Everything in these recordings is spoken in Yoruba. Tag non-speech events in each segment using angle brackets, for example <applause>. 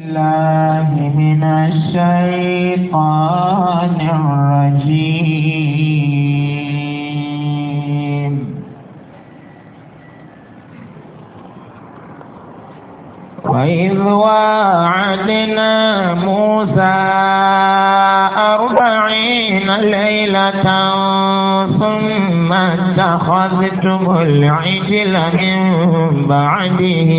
الله من الشيطان الرجيم وإذ وعدنا موسى أربعين ليلة ثم اتخذتم العجل من بعده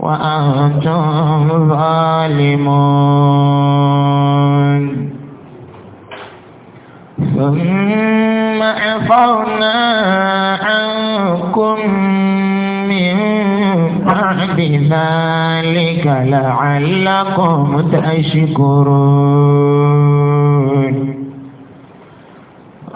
وأنتم ظالمون ثم عفونا عنكم من بعد ذلك لعلكم تشكرون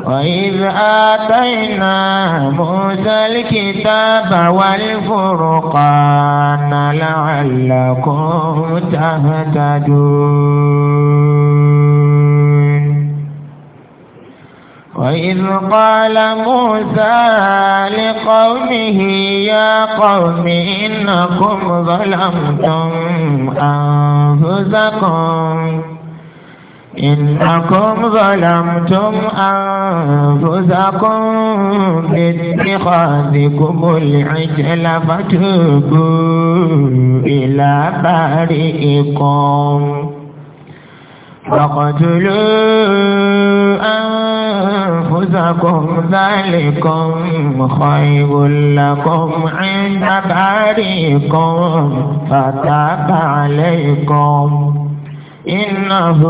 وإذ آتينا موسى الكتاب والفرقان لعلكم تهتدون وإذ قال موسى لقومه يا قوم إنكم ظلمتم أنفسكم إنكم ظلمتم أنفسكم باتخاذكم العجل فتوبوا إلى بارئكم فاقتلوا أنفسكم ذلكم خير لكم عند بارئكم فتاب عليكم إنه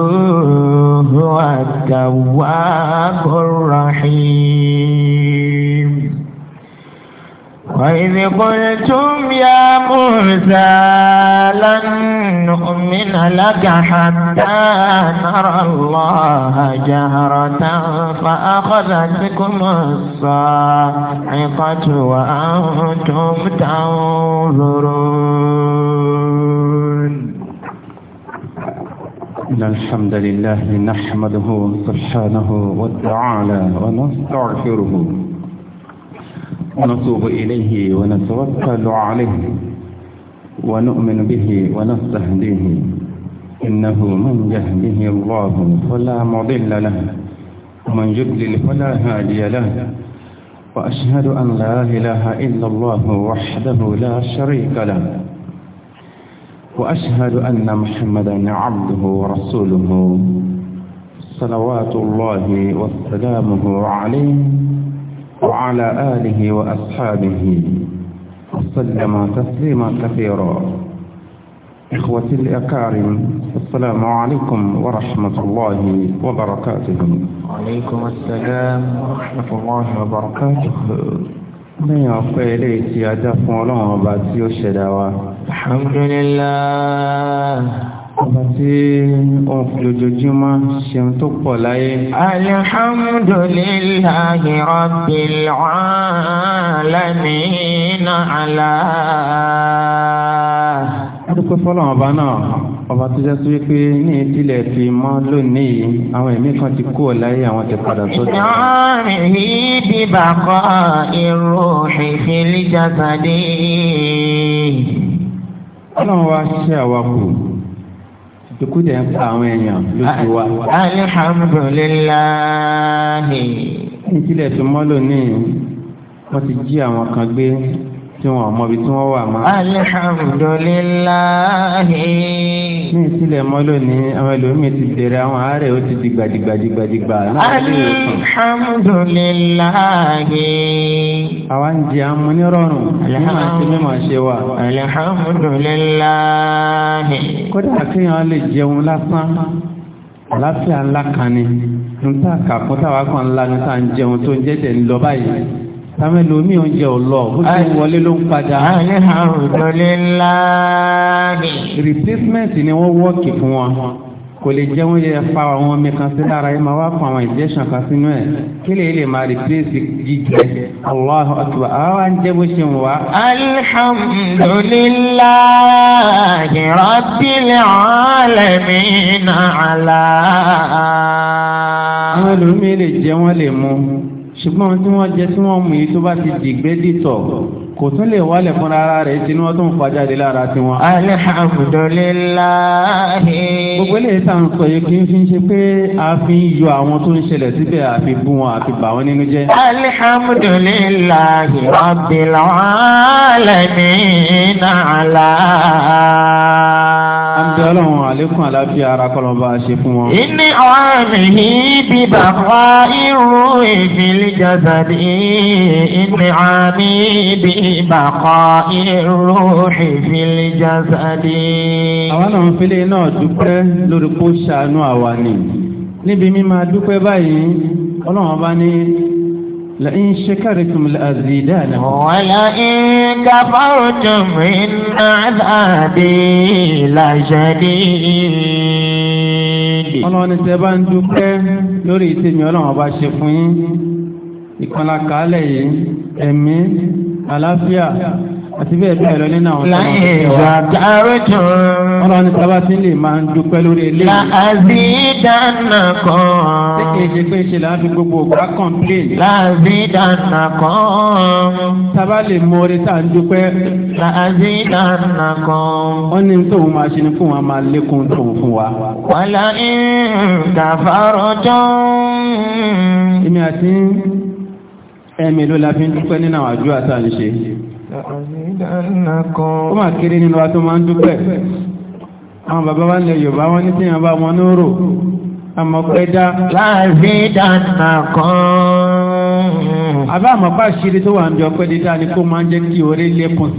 هو التواب الرحيم وإذ قلتم يا موسى لن نؤمن لك حتى نرى الله جهرة فأخذتكم الصاعقة وأنتم تنظرون إن الحمد لله نحمده سبحانه وتعالى ونستغفره ونتوب إليه ونتوكل عليه ونؤمن به ونستهديه إنه من يهده الله فلا مضل له ومن يضلل فلا هادي له وأشهد أن لا إله إلا الله وحده لا شريك له وأشهد أن محمدا عبده ورسوله صلوات الله وسلامه عليه وعلى آله وأصحابه وسلم تسليما كثيرا إخوتي الأكارم السلام عليكم ورحمة الله وبركاته وعليكم السلام ورحمة الله وبركاته lẹ́yìn ọpẹ́ ilé tí a dá fún ọlọ́run ọba tí ó ṣẹ̀dá wa alhamdulillah ọba tí ó ń fi lójoojúmọ́ ṣeun tó pọ̀ láyé alhamdulillahi rabbil alamin ala adúpẹ́ fọ́lọ́run ọba náà ọba tó jẹ́ sí pé ní ìdílé fi mọ́ lónìí àwọn ẹ̀mí kan ti kú ọ̀láyé àwọn ti padà sódì. ìyọ́rin yìí ti bàkọ́ irú ìfìlí ọlọ́run wá ṣe àwakù ìkú dẹ̀ ń pa àwọn èèyàn lójú wa. alihamudulilayi. ní ìdílé fi mọ́ lónìí wọ́n ti jí àwọn kan gbé tí wọn mọ ibi tí wọn wà máa. alihamudulilayi. ní ìsílẹ̀ mọ́ lónìí àwọn ẹlòmíì ti bẹ̀rẹ̀ àwọn àárẹ̀ ó ti di gbajigbajigbajigba. alihamudulilayi. àwa ń jẹ àmú ní rọrùn yìí máa ṣe mímọ̀ ṣe wa. alihamudulilayi. kódà kéèyàn lè jẹun lásán àlàáfíà ńlá kan ni nta kàkúntà wà kan ńlá níta ń jẹun tó ń jẹ́jẹ́ ńlọ báyìí. Tàmí lomi oúnjẹ ò lọ, ó ti wọlé ló ń padà. Alihamdulilayi. Replacement ni wọ́n wọ́ọ̀kì fún wọn. Kò lè jẹ́ wọ́n yẹ fa àwọn omi kan sí lára yìí máa wá fún àwọn injection kan sínú ẹ̀. Kí lè lè máa replace jíjẹ? Allahu akbar. Àwa ń jẹ́ bó ṣe ń wá. Alihamdulilayi Rabbil alamin ala. Àwọn lomi lè jẹ́ wọ́n lè mú ṣùgbọ́n tí wọ́n jẹ tí wọ́n mú yìí tó bá ti dìgbé dìtọ̀ kò tún lè wálẹ̀ fún ara rẹ̀ tí wọ́n tún fàjáde lára tí wọ́n. alihamudulilayi. gbogbo ilé ìta ń sọ yìí kì í fi ṣe pé a fi ń yọ àwọn tó ń ṣẹlẹ̀ síbẹ̀ àfi bú wọn àfi bà wọ́n nínú jẹ́. alihamudulilayi rabbil alamina ala ṣe ọlọ́run àlékún àláfíà ara kọlọba ṣe fún wọn. inú ọ̀rẹ́ mi bí bàbá irú ìfìlẹ̀ jàdàdì inú ọ̀rẹ́ bí bàbá irú ìfìlẹ̀ jàdàdì. àwọn náà ń file náà dúpẹ́ lórí kó ṣàánú àwa ni níbi mímá dúpẹ́ báyìí ọlọ́run bá ní. لئن شكرتم لأزيدانكم ولئن كفرتم إن عذابي لشديد ọlọ́run ní tẹ́ bá ń dúpẹ́ lórí ìtẹ́mi ọlọ́run ọba ṣe fún yín ìkànlá kálẹ̀ yìí ẹ̀mí àlàáfíà àti bẹ́ẹ̀ bẹ́ẹ̀ lọ nínú àwọn ọ̀sán. láyé ìwà dáró jù. ọlọ́run sábà tí lè máa ń dúpẹ́ lórí ilé. la àbí dáná kan. ṣé kìí ṣe pé ṣe láti gbogbo ògbà kọ̀ǹpléìn. la àbí dáná kan. sábà lè mọ orí tá à ń dúpẹ́. la àbí dáná kan. wọ́n ní tóun máa ṣe ni fún wa máa lékún tóun fún wa. wàlá ń kàfàrọ̀ jọ́. èmi àti ẹ̀mí ló la fi ń dúpẹ́ nínú àwọn àjọ àtàǹṣe ó máa kéré nínú wa tó máa ń dúpẹ́ àwọn bàbá wa lẹ Yorùbá wọn ní tíyàn bá wọn ní rò àmọ́ pẹ́ dá láàrín ìdáná kan àbá àmọ́ bá ṣírí tó wà ń jọ pẹ́ dídá ni kó máa ń jẹ́ kí orí lékún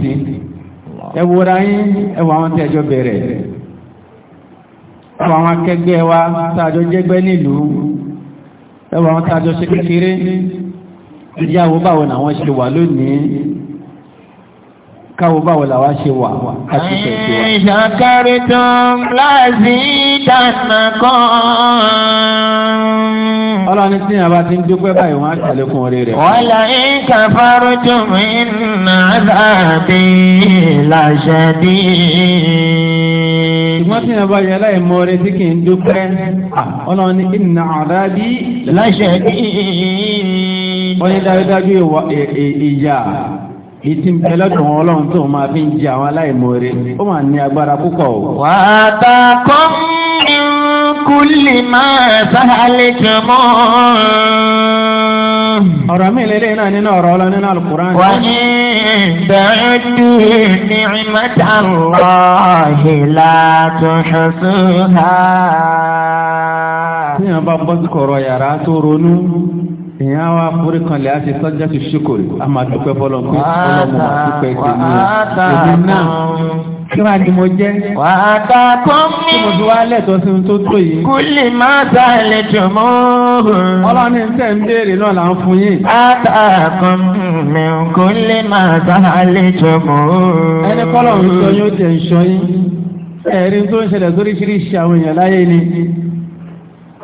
sí ìyàwó báwo làwọn ṣe lónìí káwọ báwo làwa ṣe wà láti tẹ̀sí wa. ìṣàkárí tó ń láti dáná kan. ọlọ́ni tí yàrá ti ń dúpẹ́ báyìí wọ́n á ṣàlékún orí rẹ̀. wọ́n là ń kàfárú tó ń nà dàbí làṣàdí. ṣùgbọ́n tí yàrá yẹn láì mọ orí tí kì í dúpẹ́ ọlọ́ni ìnà àdábí làṣàdí. wọ́n ní dájúdájú ìyá ìtì ń bẹ lọ́dún ọlọ́run tó máa fi ń jẹ àwọn aláìmoore ó máa ní agbára púpọ̀ o. wà á ta ọ̀rọ̀ mi lélẹ̀ náà nínú ọ̀rọ̀ ọlọ́ nínú alukùránì. wà ní dàdú ní ìmọ̀tà lọ́ọ̀hì látọ̀ṣọ́sọ́ ha. tí wọ́n bá bọ́ sí kọ̀rọ̀ yàrá tó ronú èèyàn wa forí kan lè àti sọ́jà ti ṣíkòrè a máa dúpẹ́ fọlọ́ pé ọlọ́mọ máa dúpẹ́ tèmi èmi náà kí wàá ni mo jẹ́. wàá mo fi wá lẹ́tọ̀ọ́ sí tó tó yìí. kú lè má ta jọ mọ́. ọlọ́ni tẹ̀ ń béèrè náà là ń fún yín. ata mi kú lè má ta jọ mọ́. ẹni kọ́lọ̀ ń sọ yóò jẹ́ ń sọ tó ń ṣẹlẹ̀ sóríṣiríṣi àwọn èèyàn láyé ni.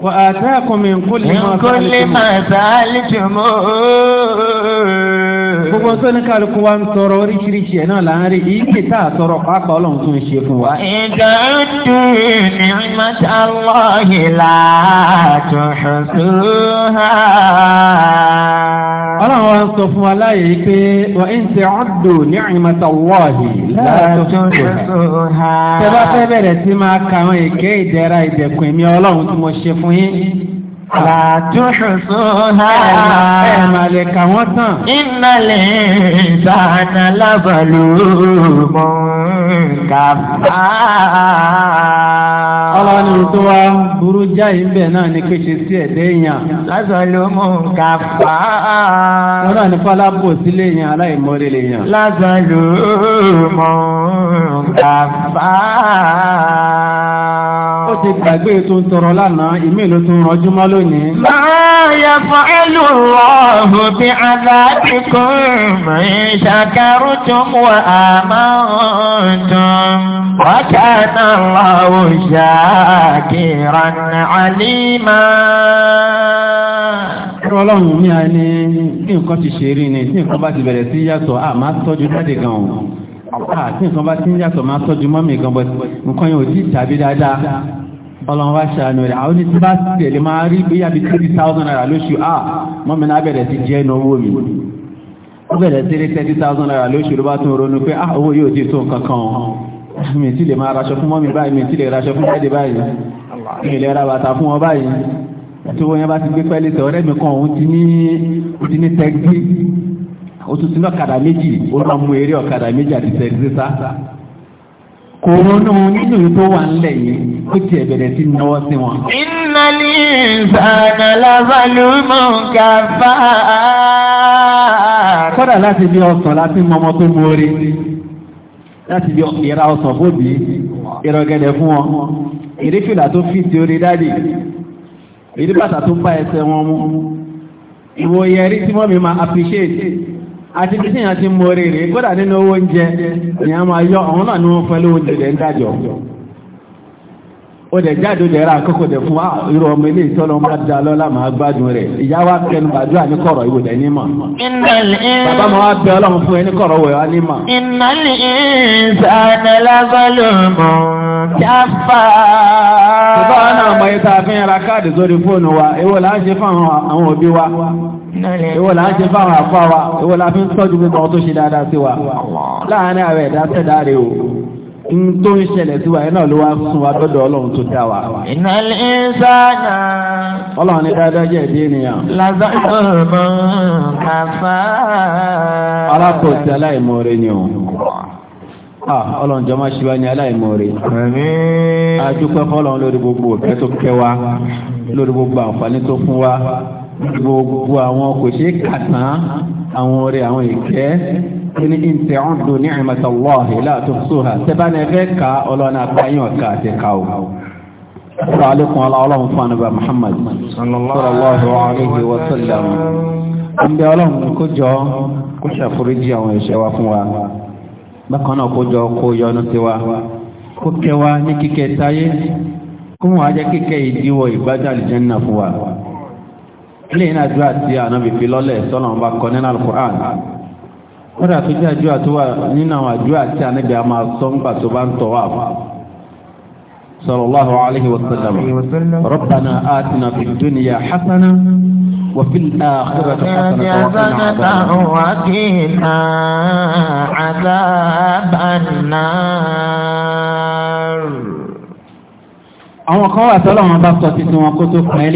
وآتاكم من كل ما كل ما سألتم gbogbo tó ní kálukú wa ń tọrọ oríṣiríṣi ẹ̀ náà là ń rí tá a tọrọ pápá ọlọ́run tún ṣe fún wa. ìjà ìdú ni mọ́tà lọ́ọ̀yì látọ̀ṣọ́ tó ń sọ fún wa láàyè pé wa in ta'uddu ni'mata Allahi la tuhsuha. tẹ bá fẹ́ bẹ̀rẹ̀ sí máa ka àwọn ìkẹ́ ìdẹ̀ra ìdẹ̀kùn mi ọlọ́run tí mo ṣe fún yín. la tuhsuha. ẹ máa lè kà wọ́n tán. innal insana lazalumun kafar tó wá burú jáì bẹ̀ náà ni pé sí ẹ̀dẹ́ èèyàn. lásán ló mú ká fà á. wọ́n náà ní fálábò sílé èèyàn aláìmọ́lé lè lásán ló mú ká fà á ti gbàgbé tó ń tọrọ lánàá ìmí ló tún rọjú mọ́ lónìí. máa yẹ fún ẹlò ọ̀hún bí aláàbí kò mọ̀ ẹ́ ṣàkárù tó mú wa àmọ́ ọ̀dùn. وكان الله شاكرا عليما Ọlọ́run mi a ní nǹkan ti ṣe rí ni tí nǹkan bá ti bẹ̀rẹ̀ sí yàtọ̀ a tọ́jú jáde gan-an àti nǹkan bá ti ń yàtọ̀ máa tọ́jú mọ́mì gan-an nǹkan yóò tí tàbí dáadáa ọlọ́run wá ṣàánú rẹ̀ àwọn oníṣẹ́ bá tẹ̀lé máa rí bí yàbí three thousand naira lóṣù à mọ́mí náà bẹ̀rẹ̀ sí jẹ́ inú owó mi ó bẹ̀rẹ̀ sí rí thirty thousand naira lóṣù ló bá tún ronú pé ah owó yóò ti tó nǹkan kan mi ti lè máa raṣọ fún mọ́mí báyìí mi ti lè raṣọ fún jáde báyìí mi lè ra bàtà fún ọ báyìí tí wọ́n yẹn bá ti gbé pẹ́lí tẹ̀ ọ̀rẹ́ mi kan òun ti ní ti ní tẹ́gbí ó tún ti ní ọ̀kadà méjì ó lọ mú eré ọ̀kadà méjì àti tẹ́gbí sá kò ronú nínú ìtò wà ńlẹ̀ yìí kó tiẹ̀ bẹ̀rẹ̀ sí náwó sí wọn. iná ní ìsànà lábàlúmọ̀ kàfà. kódà láti bí ọsàn láti mọ ọmọ tó mórí láti bí ìra ọsàn bóbi ìrọ̀gẹ̀dẹ̀ fún wọn ìrífìlà tó fi ti orí dádì ìríbàtà tó bá ẹsẹ̀ wọn mú ìwò yẹrí tí mọ́mí máa appreciate àti bí síyàn ti mórí rèé kódà nínú owó oúnjẹ ni a máa yọ àwọn náà ní wọ́n fẹ́ lówó oúnjẹ dẹ̀ ó dẹ̀ jáde ó ra àkókò dẹ̀ fún wa irú ọmọ ilé ìtọ́lọ máa da lọ́la máa gbádùn rẹ̀ ìyá wa kẹnu gbàdúrà ní kọ̀rọ̀ ìwò dẹ̀ nímọ̀. bàbá máa wá bẹ ọlọ́run fún ẹ kọ̀rọ̀ wẹ̀ wá nímọ̀. ìnáli ìsànà lábọ́lùmọ̀ jáfà. bàbá wa náà mọ ìta fi ń ra káàdì sórí fóònù wa èwo ń ṣe fáwọn àwọn òbí wa èwo là ń ṣe fáwọn àfọ wa èwo là fi ń tọ́jú gbogbo ọ tó ń ṣẹlẹ̀ sí wa iná ló wá fún wa gbọ́dọ̀ ọlọ́run tó dá wa. iná lè sáyà. ọlọ́run ní dáadáa jẹ́ ìdí ènìyàn. lásán mọ̀ kàfá. alákòóso aláìmoore ni o. ọlọ́run jọ máa ṣíwá ní aláìmoore. àmín. adúpẹ́ fọlọ́run lórí gbogbo òkè tó kẹ́ wa lórí gbogbo àǹfààní tó fún wa gbogbo àwọn kò ṣeé kà àwọn oore àwọn ìkẹ́ kini inte ọdun ni ẹmẹta allahi láti ṣúha tẹbani ẹfẹ ka ọlọ́run àgbáyàn ká àti káwò sàálẹ́kùn ọlọ́run fún ọba muhammad sallallahu alaihi wa sallam ń bẹ ọlọ́run kó jọ kó ṣàforíjì àwọn ẹ̀ṣẹ̀ wa fún wa bákan náà kó jọ kó yọ́nú sí wa kó kẹwa ní kíkẹ́ táyé kó wọn ajẹ́ kíkẹ́ ìdíwọ̀ ìbájáde jẹ́ náà fún wa ilé iná àdúrà tí ànábì fi lọ́lẹ̀ sọ́nà ọba kọ nínú alukur'an kódà tó jẹ́ àjọ àtúwà nínú àwọn àjọ àti ànábì a máa sọ ńgbà tó bá ń tọ̀ wá sallallahu alayhi wa sallam rabbana atina fid dunya hasana wa fil akhirati hasana wa qina adhabannar àwọn kan wà tọ́lọ́wọ́n bá sọ títí wọn kó tó kàn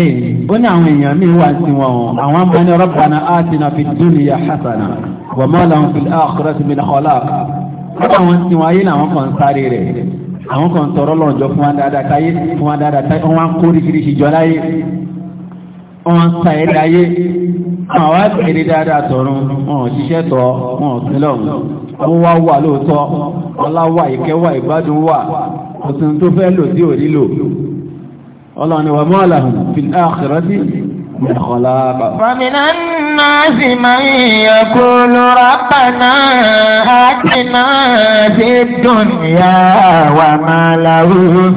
ó ní àwọn èèyàn míì wà sí wọn àwọn amúnáni rabbana atina fid dunya hasana wa ma lahum fil akhirati min khalaq kọ́dà wọn ti wọn ayé làwọn kan sáré rẹ̀ àwọn kan tọrọ lọ́jọ́ fún wa dáadáa táyé fún wa dáadáa táyé wọn kó oríṣiríṣi jọ láyé wọn sa ẹ̀ láyé àwọn wá kéré dáadáa tọ̀run wọn ò ṣiṣẹ́ tọ̀ wọn ò sílọ̀ wọn wá wà lóòótọ́ ọlá wà ìgbádùn wà òsùn tó fẹ́ lò sí òrí lò ọlọ́ni wa ma lahum fil akhirati خلاق فمن الناس من يقول ربنا آتنا في الدنيا وما له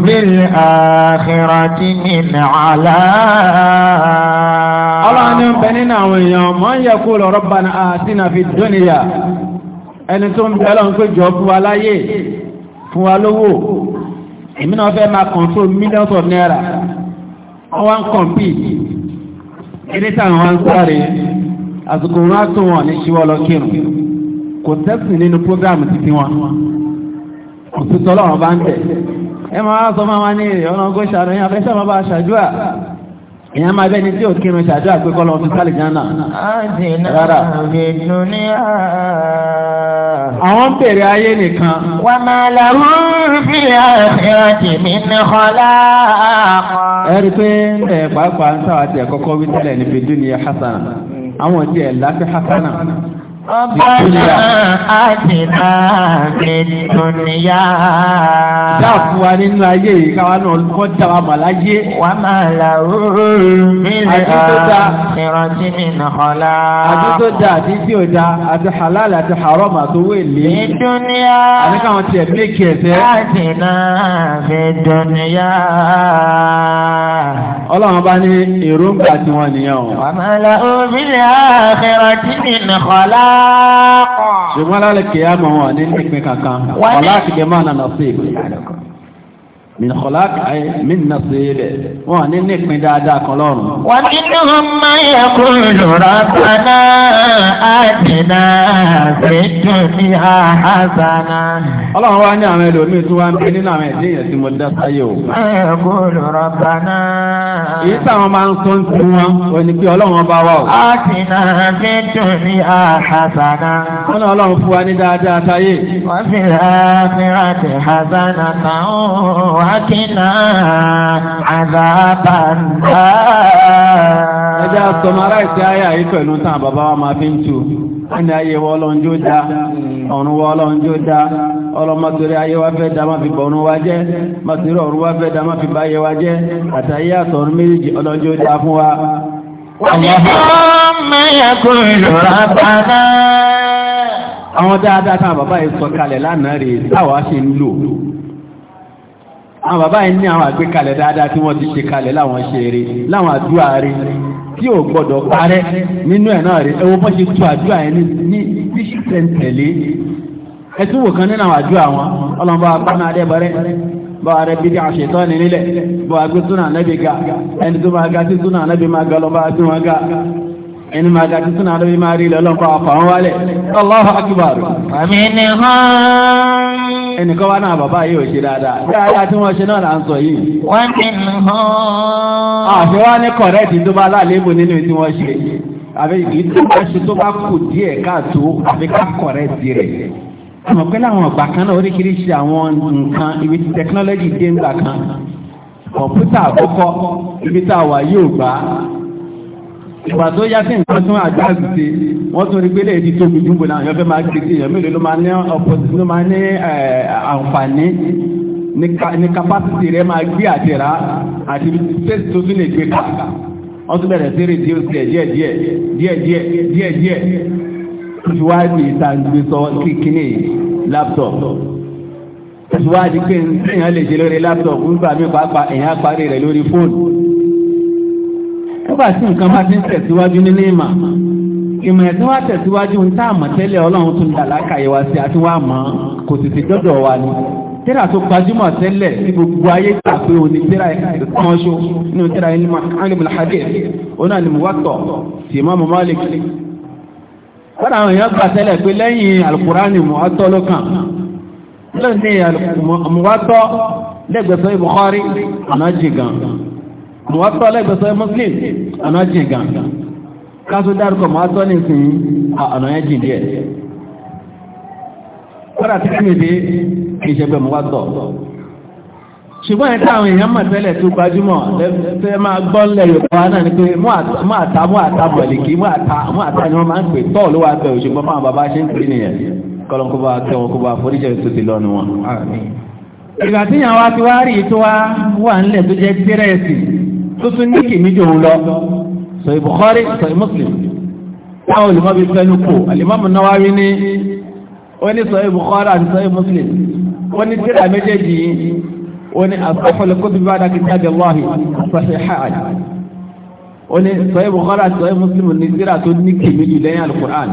في الآخرة من علاق الله أن ينبنينا ويوم من يقول ربنا آتنا في الدنيا ẹni tó ń bẹ ọlọ́run pé jọ fún wa láyé fún wa lówó èmi náà fẹ́ máa kíní táwọn wá ń sáré àsìkò wọn á tó wọn ní ṣíwọ́ lọ kírun kò tẹ́sìn nínú prógráàmù títí wọn kò sí tọ́lọ́wọ́n bá ń tẹ̀ ẹ máa sọ máa wá ní ọ̀nà ọgọ́ṣà lóyún abẹ́ṣẹ́ máa bá aṣáájú à ìyá máa bẹ́ni tí ò kírun ṣàdó àgbékọ́ lọ fún sálì jánà rárá àwọn bèèrè ayé nìkan wà máa làrún fi àti mi ní kọlá ẹ̀rí pé ń bẹ̀ pàápàá ń sáwà tí ẹ̀kọ́kọ́ wí tẹ́lẹ̀ níbi dúnìyà hasana àwọn tí ẹ̀ láti hasana Ọbọ̀nà àtìná ìdùnnìyà. Dáà fún wa nínú ayé yìí káwa náà kọ́ dáwà mà láyé. Wà máa là oòrùn nílẹ̀ ìrántí ìnàkọ́lá. Àdúgbò dá àti tí ò dá àti halal àti haram àtòwò èlé. Ìdùnnìyà. Àníkà wọn tiẹ̀ méèkì ẹ̀sẹ̀. Àtìná ìdùnnìyà. Ọlọ́run bá ní èròǹgbà tiwọn nìyẹn o. Wà máa là oòrùn nílẹ̀ ìrántí ìnàkọ́lá ṣùgbọ́n lálẹ́ kìí àmọ́ wọn ní nípìn kankan wọ́n láti gẹ̀ máa nà sí ìgbìyànjú min kọlák ayé min nasiibẹ wọn ní nípìn dáadáa kan lọ́rùn. wọn nínú ọmọ yẹ kó lọ́rọ̀ bàná àdínà fẹjọ ní àhásánà. ọlọ́run wa ní àwọn ẹlòmíín tí wọ́n ń pè nínú àwọn ẹ̀dínyẹ̀ tí mo dá sáyé o. ẹ kó lọ́rọ̀ bàná. èyí táwọn máa ń sọ ń tu wọn o ní pé ọlọ́run bá wà o. àdínà fẹjọ ní àhásánà. wọn náà ọlọ́run fún wa ní dáadáa sáyé. wọ́n fi rà á fi rà á ti hásánà náà wá. وقنا عذاب النار ẹjẹ́ àtọmọ́ra ìsẹ́ ayà ìfẹ́ ìlú tán bàbá wa máa fi ń tù ní ayé ayé wa máa fi bọ̀run wa jẹ wa fi fi báyé wa jẹ́ àtàyé àtọ̀run méjì ọlọ́njú dá fún wa. àwọn dáadáa bàbá yìí sọ kalẹ̀ lánàá táwa ṣe ń lò àwọn bàbá yìí ní àwọn àgbékalẹ̀ dáadáa tí wọ́n ti ṣe kalẹ̀ láwọn ṣe eré láwọn àdúrà rí tí ò gbọ́dọ̀ parẹ́ nínú ẹ̀ náà rí ẹ wo bọ́n ṣe tu àdúrà yẹn ní ṣíṣẹ̀ntẹ̀lé ẹ tún wò kan nínú àwọn àdúrà wọn ọlọ́mọba apáná adébọ̀rẹ́ bọ́ ààrẹ bídí àṣetọ́ ní nílẹ̀ bọ́ àgbé súnà nábì ga ẹni tó máa ga sí súnà nábì máa ga lọ́ba ẹni máa dàtí súnà lórí máa rí ilẹ̀ ọlọ́nkọ́ àfàwọn wálẹ̀ Allahu akbar. àmì ni hàn. ẹnìkan wá náà bàbá yìí ò ṣe dáadáa dáadáa tí wọ́n ṣe náà là ń sọ yìí. wọ́n ti nù hàn. àfi wá ní kọ̀rẹ́ẹ̀tì tó bá láàlébù nínú tí wọ́n ṣe àbí ìtumọ̀ ṣe tó bá kù díẹ̀ káàtó àfi ká kọ̀rẹ́ẹ̀tì rẹ̀ àmọ́ pé láwọn ọ̀gbà kan náà oríṣiríṣi àwọn nǹkan ibi tí tẹkinọ́lọ́jì dé ńgbà kan kọ̀ǹpútà àkọ́kọ́ ibi tá a wà yóò gbà á ìgbà tó yá sí nǹkan tó àjáàzù sí wọ́n tún rí pélé ìdí tó gbìyànjú bò náà yọ́fẹ́ máa gbèsè èèyàn mélòó ló máa ní ọ̀pọ̀sí ló máa ní àǹfààní ní kapásítì rẹ̀ máa gbé àtẹ̀rá àti fèsì tó tún lè gbé ká wọ́n tún bẹ̀rẹ̀ sí rí díẹ̀ díẹ̀ díẹ̀ díẹ̀ díẹ̀ díẹ̀ díẹ̀ ìwádìí ìtàgbé sọ kíkiní láptọ̀pù ìwádìí pé èèyàn lè jẹ lórí láptọ̀pù nígbà mí pàápàá èèyàn parí rẹ̀ lórí fóònù nígbà tí nǹkan bá ti ń tẹ̀síwájú nílé ìmọ̀ ìmọ̀ ẹ̀ tí wọ́n á tẹ̀síwájú ń tá àmọ̀ tẹ́lẹ̀ ọlọ́run tún dà lákàyè wa sí àti wọ́n á mọ̀ kò sì ti dọ́dọ̀ wa ni tẹ́lá tó gbajúmọ̀ tẹ́lẹ̀ tí gbogbo ayé gbà pé òní tẹ́lá kan ṣo nínú tẹ́lá yìí nímọ̀ ánìmọ̀lá hadith òun náà ni mo wá tọ̀ sí Imam Malik kọ́dà àwọn èèyàn gbà tẹ́lẹ̀ pé lẹ́yìn alukurani muwatọ́ ló kàn lẹ́yìn alukurani muwatọ́ lẹ́gbẹ̀ẹ́ sọ Bukhari ànájì gan mọ̀wátọ́ alẹ́gbẹ̀sọ́ muslim àná jìn gangan káṣó dárúkọ mọ̀wátọ́ nìsín àná yẹn jìn díẹ̀ kọ́dà tí kí nìdí kì í ṣe pé mọ̀wátọ́ ṣùgbọ́n ẹ̀ta àwọn èèyàn mọ̀ tẹ́lẹ̀ tó gbajúmọ̀ tẹ́ máa gbọ́ náà ni pé mú àta mú àta bọ̀lìkì mú àta ni wọ́n máa ń pè ló wá fáwọn bàbá ṣe ń pè bá kó bá tó ti lọ́nu wọn. ìgbà tí ìyàwó àti tó wá wà tó jẹ́ tuntun ní kìí méjì òun lọ sọ̀rọ̀ Bukhari sọ̀rọ̀ Muslim láwọn olùmọ́ bí fẹ́ lókò alìmọ́mù Nawawi ní ó ní sọ̀rọ̀ Bukhari àti sọ̀rọ̀ Muslim ó ní tíra méjèèjì ó ní asọ́fọ́lẹ̀ kó bí bára kí tábí wáhì sọ̀rọ̀ hàn ó ní sọ̀rọ̀ Bukhari àti sọ̀rọ̀ Muslim ní tíra tó ní kìí méjì lẹ́yìn alukur'an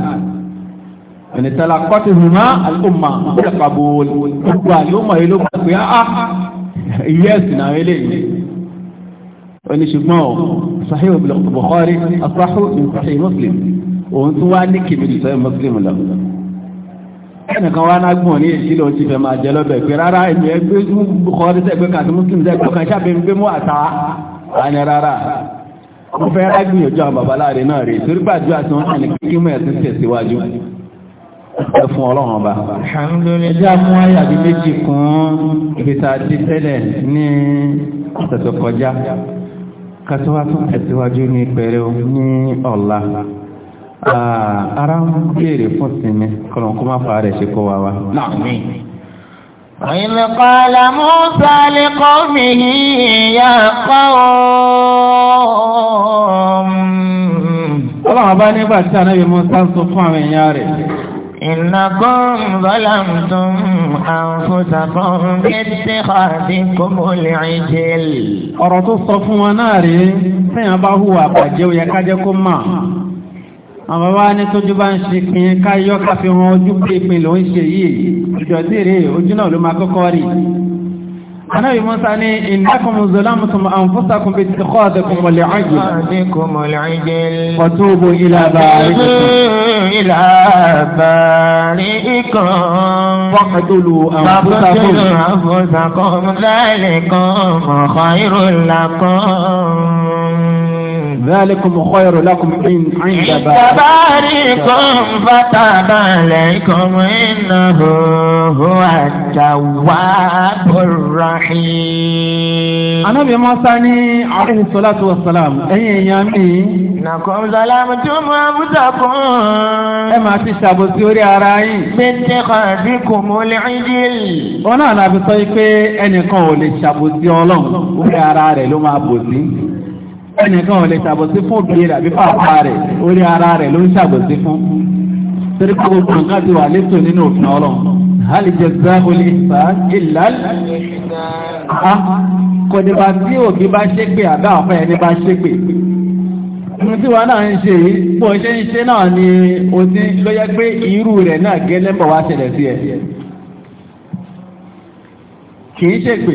ẹni ẹni ṣùgbọ́n ọ̀ Sahih Bukhari asahu ní Sahih Muslim òun tún wá ní kìbìrì Sahih Muslim lọ ẹnìkan wá nágbọ̀n ní èyí ló ti fẹ́ máa jẹ lọ́bẹ̀ pé rárá ìlú ẹgbẹ́ Bukhari sẹ́gbẹ́ kàtí Muslim sẹ́gbẹ́ kan ṣàbẹ̀mí pé mú àtà àní rárá mo fẹ́ rágbìyànjú àwọn babaláre náà rí torí gbàjú àti wọn náà ní kí mú ẹ̀sìn tẹ̀síwájú ẹ fún ọlọ́run ọba. ẹjẹ́ amú ayàbí méjì kún ibi tá a ti tẹ́lẹ̀ ní ọ̀sẹ̀ tó kọjá kàtíwá tó tẹ̀síwájú ní pẹ̀rẹ̀ ní ọ̀la ara ń bèèrè fún sinmi kọlọ̀kú má fàá rẹ̀ ṣe kó wa wá وإذ قال موسى لقومه يا bá nígbà tí a náà yìí mú sáńsọ fún àwọn rẹ̀. إنكم ظلمتم أنفسكم باتخاذكم العجل ọ̀rọ̀ tó sọ fún wọn náà rí fẹ́yàn bá hùwà àbàjẹ́ òyà kájẹ́ kó máa àwọn bá ní tójú bá ń ṣe pin káyọ́ káfíhàn ojú pé pin ń ṣe yìí ìjọ́sí rèé ojú náà ló máa kọ́kọ́ rí Anábì Musa ní ìnákùnmù zọlámùsùn àǹfúsàkùn bí ti kọ́ àdẹ́kùn mọ̀lẹ̀ àjò. Àdẹ́kùn mọ̀lẹ̀ àjò. Ọ̀túnbù ìlàbàárí ikọ̀. Fọ́kàdúlù àǹfúsàkùn. Àǹfúsàkùn ذلكم خير لكم إن عند بارئكم فتاب عليكم إنه هو التواب الرحيم أنا بمصاني عليه الصلاة والسلام أي يامي نكم ظلمتم أنفسكم أما تشابوا سوري أرائي باتخاذكم العجل وأنا أنا بصيفي أني قولي شابوا سيولون وفي أرائي لما بوسي ẹnìkan ò lè ṣàbòsí fún òbí rẹ̀ àbí pàápàá rẹ̀ orí ara rẹ̀ ló ń ṣàbòsí fún torí pé gbogbo nǹkan ti wà létò nínú òfin ọlọ́run hali jẹsẹ olè sá ìlàlẹ kò dìbà tí òbí bá ṣépè àbí àwọn ọ̀fẹ́ ẹni bá ṣépè ohun tí wọ́n náà ń ṣe yìí bó ṣe ń ṣe náà ni o ti ló yẹ pé irú rẹ̀ náà gẹ́lẹ́ ń bọ̀ wá ṣẹlẹ̀ sí ẹ kì í ṣèpè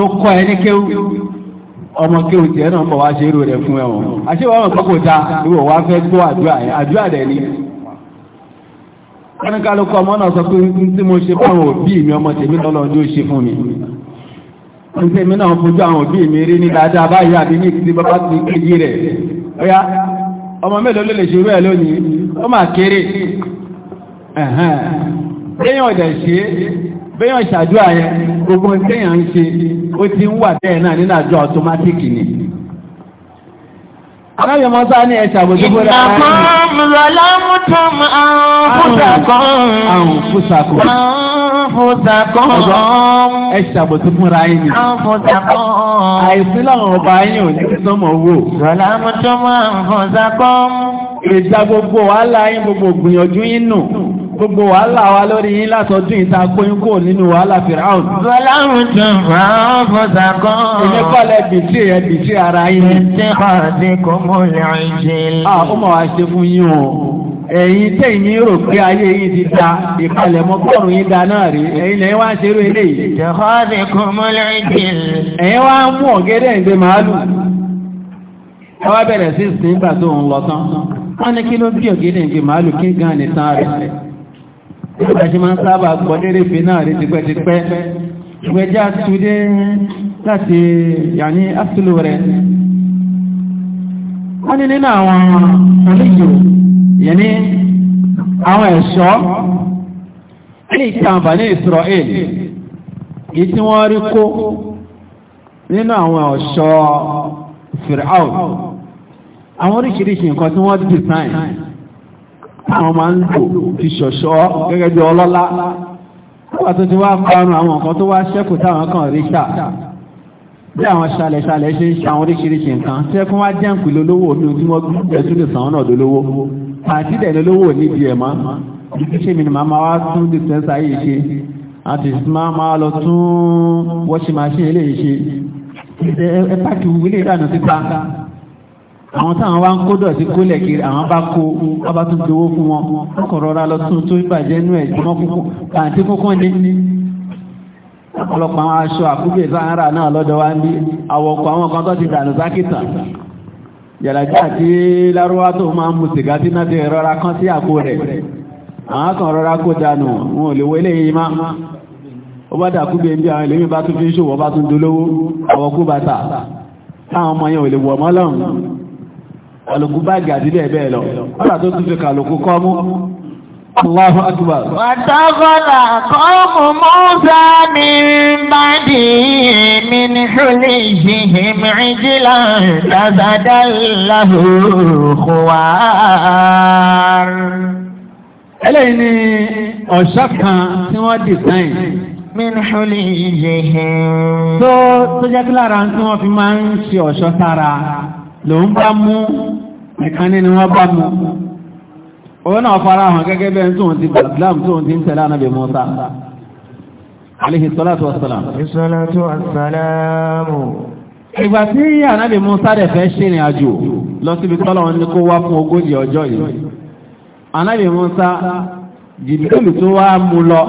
tó kọ́ ẹ ní kéwú ọmọ kéwú tiẹ̀ náà bọ̀ wá ṣe èrò rẹ̀ fún ẹ wọn àṣewọ́ ọmọ kọ́kọ́ ta ìwọ̀ wá fẹ́ gbọ́ àdúrà yẹn àdúrà rẹ̀ ni wọ́n ní kálukú ọmọ náà sọ pé tí mo ṣe fáwọn òbí mi fún àwọn òbí mi ọmọ mélòó ló bẹ́yàn ṣàdúrà yẹn gbogbo téèyàn ń ṣe ó ti ń wà bẹ́ẹ̀ náà nínú àjọ ọ̀tọ́mátìkì ni Aláyọ̀ mọ́ sáà ní ẹ̀ṣà bòjú bóra rẹ̀. Ìnàkùn rọ̀lámú tó máa ń fúsàkùn. Àrùn fúsàkùn. Fúsàkùn. Ẹ̀ṣà bòjú bóra yìí ni. Fúsàkùn. Àìsí láwọn ọba yìí ò ní kí sọ́mọ owó. Rọ̀lámú tó máa ń fúsàkùn. Ìjà gbogbo wàhálà yín gbogbo gbìyànjú yín nù gbogbo wàhálà wa lórí yín látọdún ìta kóyún kò nínú wàhálà fìràhùn. Fọláhùn tún fàáhùn fọ́sà kan. Ilé kọ́lẹ̀ bìtì ẹ̀ bìtì ara yín. Ṣé kọ́ sí kó mú lọ́ọ́ ṣe lé? À ó mọ̀ wá ṣe fún yín o. Ẹ̀yin tẹ̀yìn rò pé ayé yín ti da ìpalẹ̀ mọ́ kọ́rùn yín da náà rí. Ẹ̀yin lẹ́yìn wá ń ṣerú eléyìí. Ṣé kọ́ sí mú lọ́ọ́ ṣe lé? Ẹ̀yin wá ń mú ọ̀gẹ́dẹ̀ ń lọ màálù kí nígbà tí máa ń sábà gbọ́ lérè pé náà rí tipẹ́tipẹ́ ìgbẹ́já túdé láti yàní ápùlù rẹ̀ wọ́n ni nínú àwọn àlejò yẹni àwọn ẹ̀ṣọ́ ní ìkàǹfà ní Israel èyí tí wọ́n rí kó nínú àwọn ọ̀ṣọ́ Fir'aun àwọn oríṣiríṣi nǹkan tí wọ́n design àwọn máa ń lò ti ṣọ̀ṣọ́ gẹ́gẹ́ bí ọlọ́lá nígbà tó ti wá parun àwọn nǹkan tó wá ṣẹ́kù táwọn kan rí ṣà bí àwọn ṣàlẹ̀ṣàlẹ̀ ṣe ń ṣe àwọn oríṣiríṣi nǹkan tí ẹkún wá jẹ́ ìpìlẹ̀ olówó ní ojú wọn gbúgbẹ́ tún lè sàn án náà dolówó àti ìdẹ̀lẹ̀ olówó níbi ẹ̀ mọ́ ibi ṣe mi ni màá máa wá tún dìtẹ́sà yìí ṣe àti máa máa lọ tún wọ́ṣì máa ṣe eléyìí ṣe ẹ pàkì wílé ìdànù síta àwọn táwọn wá ń kó dọ̀tí kólẹ̀ kiri àwọn bá kó wọn bá tún dowó fún wọn wọn kò rọra lọ tún tó ìbàjẹ́ inú ẹ̀ jùmọ́ kúkú kàǹtí kúkú ní. ọ̀pọ̀lọpọ̀ àwọn aṣọ àkúgbè sáárà náà lọ́dọ̀ wá ní àwọ̀kọ̀ àwọn kan tó ti dànù sákìtà yàràjá àti lárúwá tó máa ń mu sìgá tí náà ti rọra kán sí àpò rẹ̀ àwọn kan rọra kó dànù wọn ò lè wọlé yìí má ó bá dàkúgbè ń bí àwọn ìlú mi bá tún fi ń ṣòwò bá tún dolówó àwọ̀kú bàtà táwọn ọmọ yẹn ò lè wọ̀ mọ́ lọ́rùn àlòkù báàgì àti bẹ́ẹ̀ bẹ́ẹ̀ lọ ọ̀là tó tún fi kàlòkù kọ́ mú Allahu akbar. Wàtàkọ́lá kọ́mù Mọ́sá mi bá dì ní ṣúlẹ̀ ìṣìhì mìíràn lásàdá láhùkù wá. ni ọ̀ṣọ́ kan tí wọ́n dìsáìn mínúlì ìyẹ̀hẹ̀. tó tó jẹ́ kí lára tí wọ́n fi máa ń ṣe ọ̀ṣọ́ sára ló ń bá mú nìkan ní ni wọ́n bá mú òun náà fara hàn gẹ́gẹ́ bẹ́ẹ̀ tó ń ti islam tó ń ti ń tẹ̀lé anábì Musa alayhi salatu wassalam salatu wassalamu ìgbà tí anábì Musa rẹ̀ fẹ́ ṣe ìrìn àjò lọ síbi tọ́lọ́wọ́n ní kó wá fún ogójì ọjọ́ yìí anábì Musa jìbìtìlù tó wá mú lọ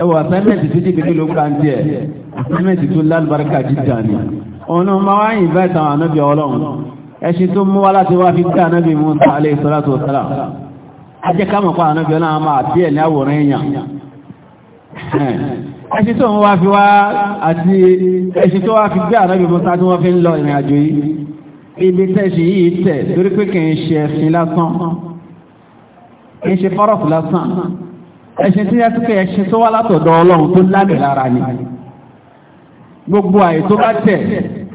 ẹwọ assignment tó jìbìtìlù gbàǹdì ẹ̀ assignment tó lálùbáríkà jíjà ni òun náà máa wáyìn bá ìtàwọn ànábì ọlọ́run ẹṣin tó mú wá láti wá fi dá ànábì Mùsá alẹ́ ìsọ́látò sára ajẹ́kámọ̀ pa ànábì ọlọ́run máa bí ẹ̀ ní àwòrán èèyàn ẹṣin tó wá fi wá àti ẹṣin tó wá fi gbé ànábì Mùsá tí wọ́n fi ń lọ ìrìn àjò yìí gbogbo àyè tó bá tẹ̀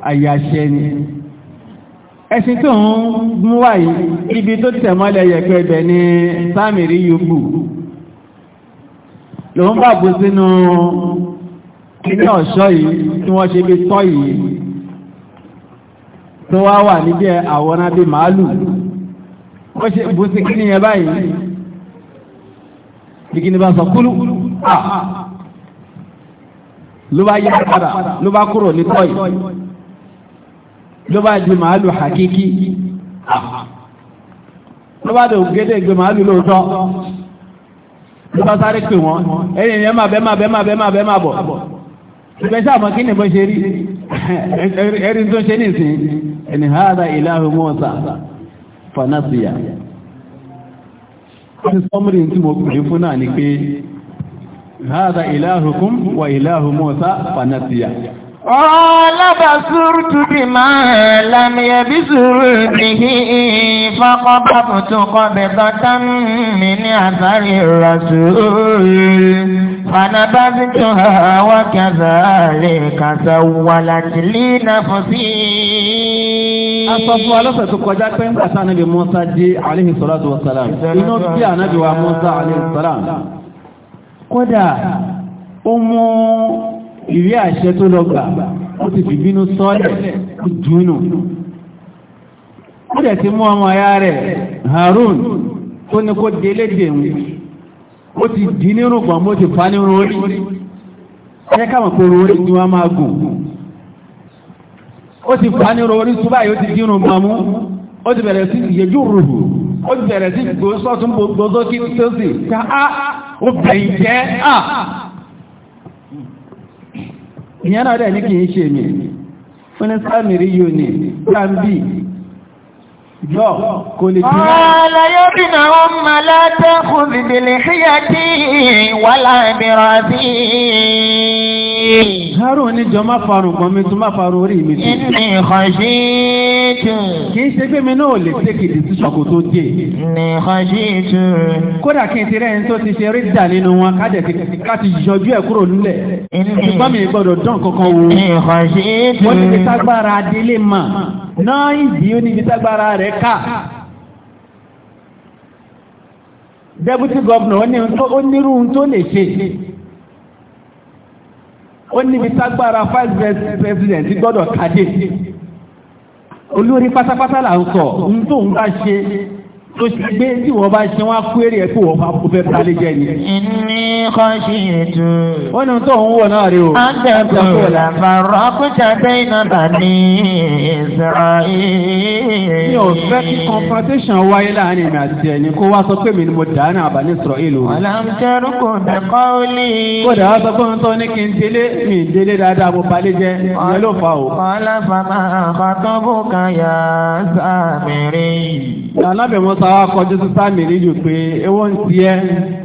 àyàṣẹ ni ẹ̀sìn tó ń mú wáyé ibi tó tẹ̀mọ́lẹ̀ yẹ̀pẹ̀ ẹ̀bẹ̀ ni sáàmìrí yóò ló ń bàbú sínú ní ọ̀ṣọ́ yìí tí wọ́n ṣe bí tọ́ yìí tó wá wà níbẹ̀ àwọná bí màálù wọ́n ṣe bú sí kíní yẹn báyìí ìgìní bá sọ kúlù ah, ah, ah. ló bá yí padà ló bá kúrò ní tọ́ yìí ló bá di màálù hakiki ah. ló bá dẹ̀ ògédé gbé màálù lóòótọ́ ló bá sáré pè wọ́n ẹ̀yìn ẹ̀ máa bẹ́ máa bẹ́ máa bẹ́ máa bẹ́ máa bọ̀ ìgbésẹ̀ àmọ́ kí ni bó ṣe rí <laughs> ẹ̀rí tó ṣe ní ìsìn ẹni hádà ìlàhùn Mùsá fanasiya ti sọmọdé tí mo kùnrin fún náà ni pé hádà ìlàhùn kún wà ìlàhùn Mùsá fanasiya Ọlọ́bàṣúrútù bí máa lámìyà bí sùúrù bí i fọ́kọ́bà fòtún kọbẹ̀ bọ́tá mi ní àzárí rọ̀sùúrù. Fànàbá sí tó àwọn kẹsà lè kàsà wà láti línà fún sí. A sọ tó kọjá pé ń pàtà níbi Mọ́sá dé alayhi ìrí àṣẹ tó lọ ó ti fi bínú sọ́lẹ̀ o dùnú ó dẹ̀ ti mú ọmọ ayá rẹ̀ Harun tó ní kó délé dèun ó ti dì nírùn pọ̀ ti fa nírun orí ẹ káwọn kóró orí ni wọ́n máa gùn ti fa nírun orí tó báyìí ó ti dírun pamú ó ti bẹ̀rẹ̀ sí ìyẹjú rùhù ó ti bẹ̀rẹ̀ sí gbòsọ́tún tó sì ká á ó bẹ̀yìn ìyẹn náà rẹ̀ ní kí n ṣe mi fún ní sáàmìrí yóò ní plan b kò lè tí wàhálà Harun ní jọ má farun kan mi tún má farun orí mi tún. Ní ìkànṣí tù. Kì í ṣe pé mi náà ò lè tẹ́kì dì sí ṣọ̀kò tó dé. Ní ìkànṣí tù. Kódà kí n ti rẹ́ ẹni tó ti ṣe rídà nínú wọn kádẹ̀ ti ká yọjú ẹ̀ kúrò lulẹ̀. Ìgbọ́n mi gbọ́dọ̀ dán kankan wo. Ní ìkànṣí tù. Wọ́n ti fi tágbára délé mà. Náà ìdí ó ní fi tágbára rẹ̀ ká deputy governor ó níbi tágbára five president gbọ́dọ̀ kàdé olórí pátápátá là ń sọ ń tó ń bá ṣe tó ṣe gbé tí wọ́n bá ṣe wọ́n kú èrè ẹ̀ wọ́n bá kó fẹ́ balẹ̀ jẹ́ ni. خشيت أن تقول فرقت بين بني إسرائيل mi ò fẹ́ kí confrontation wáyé láàrin mi àti ẹni kó wá sọ pé mi ni mo dà á ní àbá ní Israel o. ọ̀làǹtẹ̀rù kò dẹ̀kọ́ ó lè. kódà wá sọ pé ohun tó ní kí n délé mi délé dáadáa mo balẹ̀ jẹ́ ìyẹn ló fà o. ọlọ́fàmà àkọ́tọ́bù kan yà á Sámírì. alábẹ̀mọ́sá wa kọjú sí Sámírì jù pé ewu ń tiẹ́.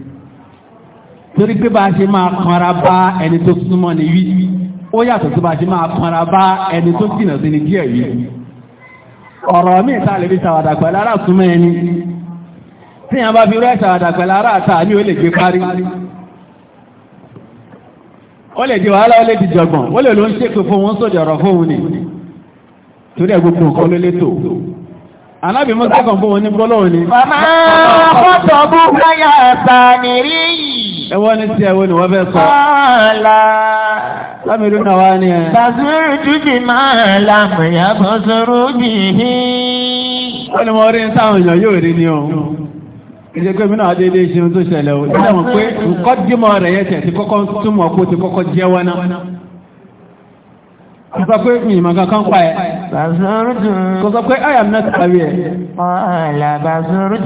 torí pé bá a ṣe máa kanra bá ẹni tó súnmọ́ ni wí ó yàtọ̀ tó bá a ṣe máa kanra bá ẹni tó jìnà sí ni díẹ̀ wí ọ̀rọ̀ mi ta lè fi ṣàwàdà pẹ̀lú ara súnmọ́ ẹni tí a bá fi rẹ́ ṣàwàdà pẹ̀lú ara àta ní ó lè gbé parí ó lè di wàhálà ó lè di jọgbọ̀n ó lè ló ń ṣètò fún wọn sódì ọ̀rọ̀ fóun ni torí ẹgbogbo nǹkan ló létò anábì mọ́sákan fún ní ẹwọ́ ní tí ẹwọ́ ni wọ́n fẹ́ sọ. ọ̀la. lámìlú náà wá ní ẹ. bàtúrù dúdú máa làmù yàtọ̀ sọ̀rọ̀ bìí. wọ́n ní mo rí táwọn èèyàn yóò rí ni o. ìjẹ́ pé mi náà déédéé ṣe ohun tó ṣẹlẹ̀ o. ìjọba mọ̀ pé nǹkan dímọ̀ rẹ̀ yẹn tẹ̀ ti kọ́kọ́ túmọ̀ kó ti kọ́kọ́ jẹ́wọ́ náà. kò sọ pé mi ìmọ̀ kankan pa ẹ̀. Bàzúrùtù. sọ pé I am not aware.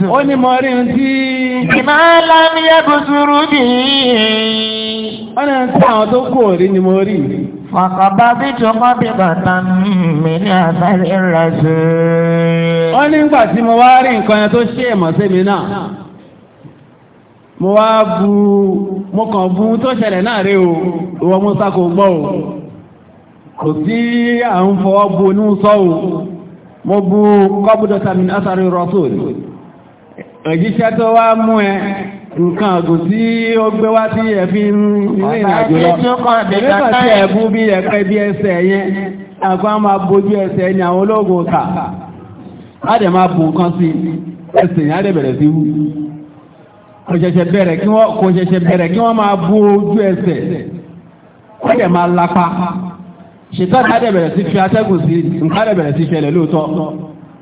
Ó ní rí n tí. Ìmọ̀ lámì ẹ̀bùsùrù bì í. Ó ní tí àwọn tó kú ni mo rí. Fọ̀kànbá bí bí bàtà mi ní rẹ̀ sí. Ó ní wá rí nǹkan tó ṣe ìmọ̀ sí mi náà. Mo kò sí à ń fọwọ́ bu inú sọ́hùn mo bu kọ́bùdọ́ta mi asàrí rọ́sùn òjíṣẹ́ tó wá mú ẹ nǹkan ọ̀gùn tí ó gbé wá sí ẹ̀fí ìrìn àjò lọ nígbà tí ẹ̀bú bí ẹ̀kẹ́ bí ẹsẹ̀ yẹn kò ṣẹ̀ṣẹ̀ bẹ̀rẹ̀ kí wọ́n máa bú ojú ẹsẹ̀ ó máa lápá ṣètàn á dẹ̀bẹ̀rẹ̀ sí fi atẹ́gùn sí nǹkan dẹ̀bẹ̀rẹ̀ sí ṣẹlẹ̀ lóòótọ́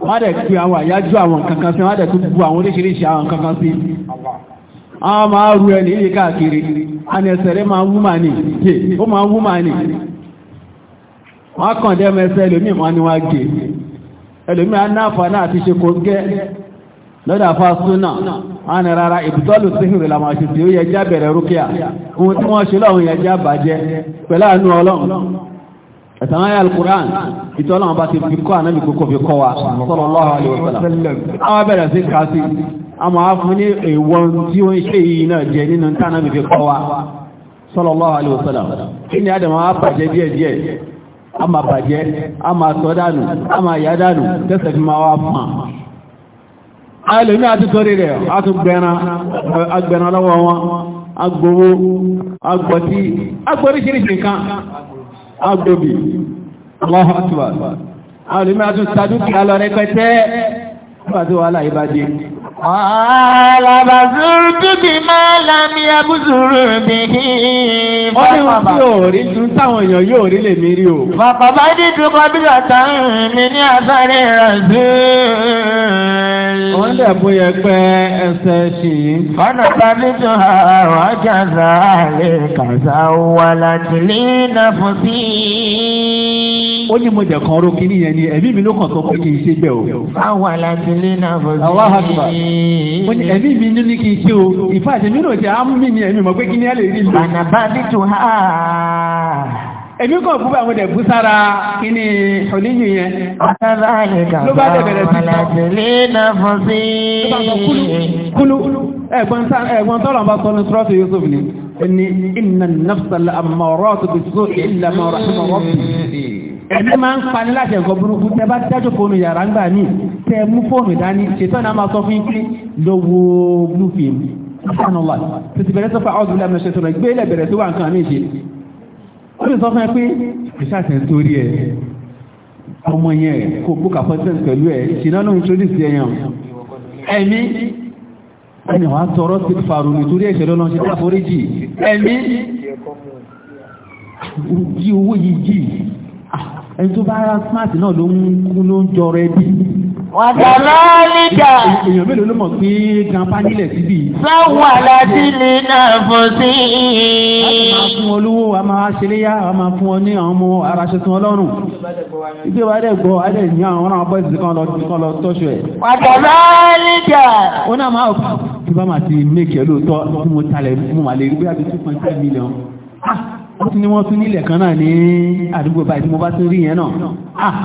wọ́n dẹ̀ fi àwọn àyájú àwọn kankan sí wọ́n dẹ̀ tún bu àwọn oríṣiríṣi àwọn kankan sí àwọn máa ru ẹni ilé káàkiri àni ẹsẹ̀ rẹ̀ máa ń wú màá nì ó máa wú màá wọ́n kàn dẹ́mọ ni ẹ̀sán ayé alukur'an ìtọ́ náà bá ti fi kọ́ ànábì kókò fi kọ́ wa sallallahu alaihi wasallam àwọn bẹ̀rẹ̀ sí kásì àmọ́ afún ní ìwọ̀n tí ó ń ṣe yìí náà jẹ nínú tánàbì fi kọ́ wa sallallahu alaihi wasallam kí ni adama wa bàjẹ́ díẹ̀ díẹ̀ a ma bàjẹ́ a ma sọ dànù a ma yà dànù tẹ́sẹ̀ fi ma wá fàn alẹ́mí àti sọ́rí rẹ̀ a tún gbẹ̀rẹ̀ lọ́wọ́ wọn agbowó agbọ̀tí agbọ̀ríṣiríṣi nǹkan agbóbi Allahu Akbar àwọn olùmọ̀ àti sàdúkìá lọ rẹpẹtẹ nígbà tí wàhálà yìí bá dé. Àlàbàzúrú bíbí máa lámì abúzúrú bìbí. Wọ́n ní o. Bàbá bá dídùn kọ́ bí bàtà mi ní àsáré rẹ̀ Wọ́n dẹ̀bú yẹ pé ẹsẹ̀ ṣì yí. Ọ̀nà tàbí tó ha ọjà sáré kàṣà wà láti lé náà fún sí. Ó ní mo jẹ̀ kan ro kí nìyẹn ni ẹ̀mí mi ló kàn sọ pé kì í ṣe bẹ́ẹ̀ o. Àwa láti lé náà fún sí. Àwa hàgbà. Mo ní ẹ̀mí mi ní ní kì ṣe o. Ìfàṣẹ mi náà jẹ́ àmú mi ni ẹ̀mí mọ̀ pé kí ni ẹ lè rí lò. Ọ̀nà tàbí tó ha èmi kàn fún àwọn ẹ̀dẹ̀ búsára kí ni oníyìn yẹn ló bá dẹ̀bẹ̀rẹ̀ sí kúlú ẹ̀gbọ́n tọ́lọ̀ bá tọ́lọ̀ sọ́rọ̀tù Yusuf ni ẹni iná nafsàlá àmọ̀rọ̀tù bí só ilẹ̀ ẹni máa ń pani láti ẹ̀kọ́ burúkú tẹ bá dájú fóònù yàrá ń gbà ní tẹ mú fóònù dání ṣètò náà máa sọ fún yín pé lọ́wọ́ blue film ṣánàlá tètè bẹ̀rẹ̀ sọ́fà ọ̀dùnlẹ̀ mẹ́ṣẹ̀tọ̀ rẹ̀ gbé ilẹ̀ bẹ̀rẹ̀ sí wà nǹkan àmì ìṣe ó lè sọ fún ẹ pé ìṣàṣẹ torí ẹ ọmọ yẹn kò gbókà pọ́tẹ́ǹt pẹ̀lú ẹ ìṣìná ló ń torí sí ẹyàn ẹ̀mí ẹni wàá tọrọ sí faru nítorí ẹ̀ṣẹ̀ lọ́nà ṣe àforíjì ẹ̀mí jí owó yìí jì ah, ẹni tó bá rà smart náà ló ń jọrọ ẹbí Wàdàlálídà. Èèyàn mélòó ló mọ̀ pé grandpa nílẹ̀ síbí? Sáwọ́ aláti lè náà fọ́ sí i. A máa fún ọ lówó, a máa ṣeléyà, a máa fún ọ ní àwọn ọmọ aráṣẹ tún ọlọ́run. Ibi wa dẹ̀ gbọ́, a dẹ̀ ní àwọn ọ̀ràn bọ́ ìsìn lọ kan lọ tọ́ṣù ẹ̀. Wàdàlálídà. Ó náà máa fi bá máa ti mékè lóòótọ́ tí mo talẹ̀ mo mà lè rí bí two point five million. Ah, ó ti ní wọ́n tún nílẹ̀ kan náà ní àdúgbò báyìí tí mo bá tún rí yẹn náà. Ah,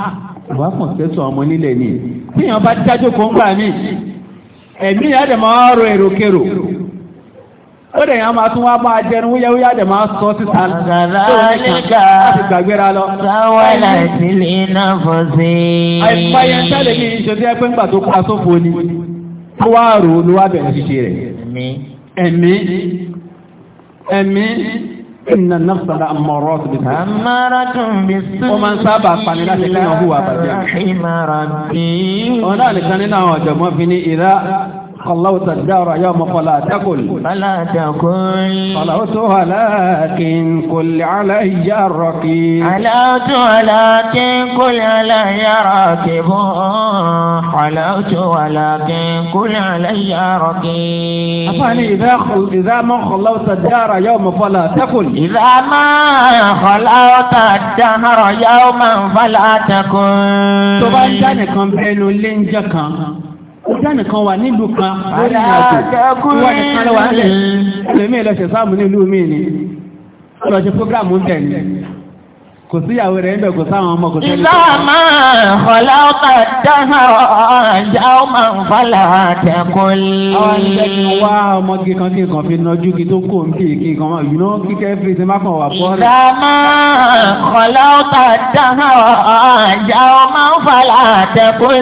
wà á kàn sẹ́sùn ọmọ nílẹ̀ ni tí èèyàn bá dájú kan gbà mí ẹ̀mí àdèmọ́ ọ̀rọ̀ èròkèrò ó dẹ̀ yàn máa tún wá máa jẹun wúyẹ́wúyẹ́ àdèmọ́ sọ síta ẹ̀mí ẹ̀mí. Inna nafsa la ammaratu bi sùn. Ammaratun bi sùn. Ó máa ń sábà pani láti kí wọ́n hùwà bàjẹ́. Ìmọ̀ràn bíi. Ọ̀nà àlìkan nínú àwọn ọ̀jọ̀gbọ́n fi ní خلوت الدار يوم فلا تقل فلا تقل خلوت ولكن كل علي الركيب خلوتها ولكن كل علي راكب خلوت ولكن كل علي ركيب أفاني إذا خل... إذا ما خلوت الدار يوم فلا تقل إذا ما خلوت الدهر يوما فلا تقل تبان جانكم بين لنجكا ọjọ́ nìkan wà nílùú kan lórí ìrìnàjò wọ́n nìkan lọ wà ni ọlọ́ṣe fúgàmù ń kò síyàwó rẹ̀ níbẹ̀ kò sáwọn ọmọ kò sẹ́lẹ̀. ìlàmà ọ̀la ọ̀tà dáhà ọ̀jà ọmọ nfàlà àtẹ̀kùn. àwọn ìṣe kí n wá ọmọ kíkan kíkan fi nájú kí tó kó n bí kíkan wọn yìí náà kíkẹ́ fi ti má kàn wà fọ́ rẹ̀. ìlàmà ọ̀la ọ̀tà dáhà ọ̀jà ọmọ nfàlà àtẹ̀kùn.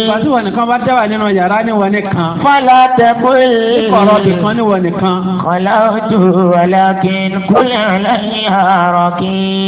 ìgbà tí nìkan bá dáwà nínú yàrá ní wọn nìkan. fàlà àtẹ̀kùn. ìkọ̀rọ̀ bìkan ní wọn nìkan. kọ̀lá ojú alákin kúlẹ̀ lẹ́yìn àrọ̀kìn.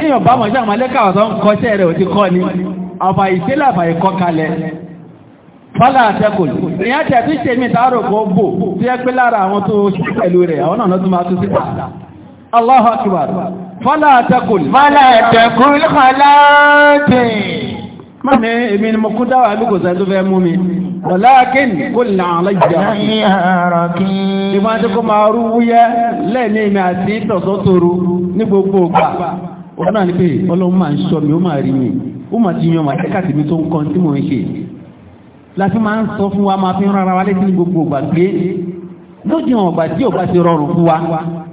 níyàn bá mọ̀ sí àmàlẹ́kà ọ̀sán kọ́ṣẹ́ rẹ̀ ò ti kọ́ ni ọba ìṣẹ́lẹ̀ àbàyè kọ́ kalẹ̀ fọ́lá àtẹ́kùn ìyá tẹ̀ tí ṣe mi tààrò kó bò tí ẹ pé lára àwọn tó ṣe pẹ̀lú rẹ̀ àwọn náà tó máa tó síta Allahu akbar fọ́lá àtẹ́kùn fọ́lá àtẹ́kùn kọ́láàtì ọ̀rọ̀ náà ni pé ọlọ́run máa ń sọ mi ó máa rí mi ó máa ti yan màtíkàtì mi tó ń kan tí mò ń ṣe láti máa ń sọ fún wa máa fi rárá gbogbo ìgbà pé lójú àwọn ọgbà tí ọgbà ti rọrùn fún wa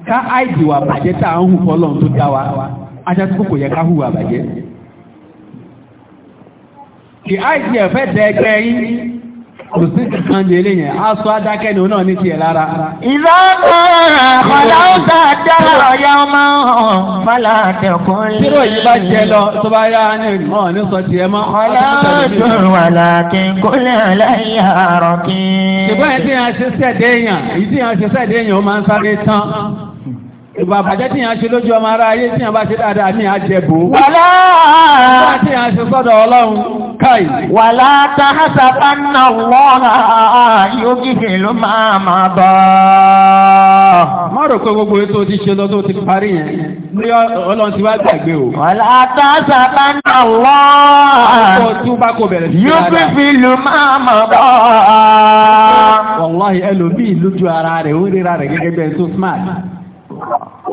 ká àìdì wà bàjẹ́ tá à ń hù fọlọ́run tó dá wa ajá tí kò yẹ ká hùwà bàjẹ́ kì àìdì ẹ̀fẹ́ yín kò sí kankan jẹ ilé yẹn a sọ adákẹ́ ni òun náà lára. ìlà ọ̀làọ̀tà dára ọ̀yà ọmọ fàlà àtẹ̀kùn lé. tíró yìí bá jẹ lọ tó bá yá ní ìmọ̀ ní sọ tiẹ̀ mọ́. ọ̀làọ̀tún wàlà kí n kó ṣùgbọ́n ẹ̀ tí yẹn ṣe sẹ́ẹ̀dẹ̀ èèyàn ó máa ń sáré tán. Ìgbà àbàjẹ́ tí yàn ṣe lójú ọmọ ará ayé tí yàn bá ṣe dáadáa ní àjẹbò. Wàlá! Ìgbà tí yàn ṣe sọ́dọ̀ Ọlọ́run káì. Wàlá tahasa anna wọ́nà yóò fi ló máa máa bọ̀. Má rò pé gbogbo ètò ti ṣe lọ́dún ti parí yẹn. Ní Ọlọ́run ti wá gbàgbé o. Wàlá tahasa anna wọ́nà yóò fi ló máa máa bọ̀. Wàláhi ẹlòmíì lójú ara rẹ̀ ó ríra rẹ̀ gẹ́gẹ́ bẹ́ẹ̀ tó smart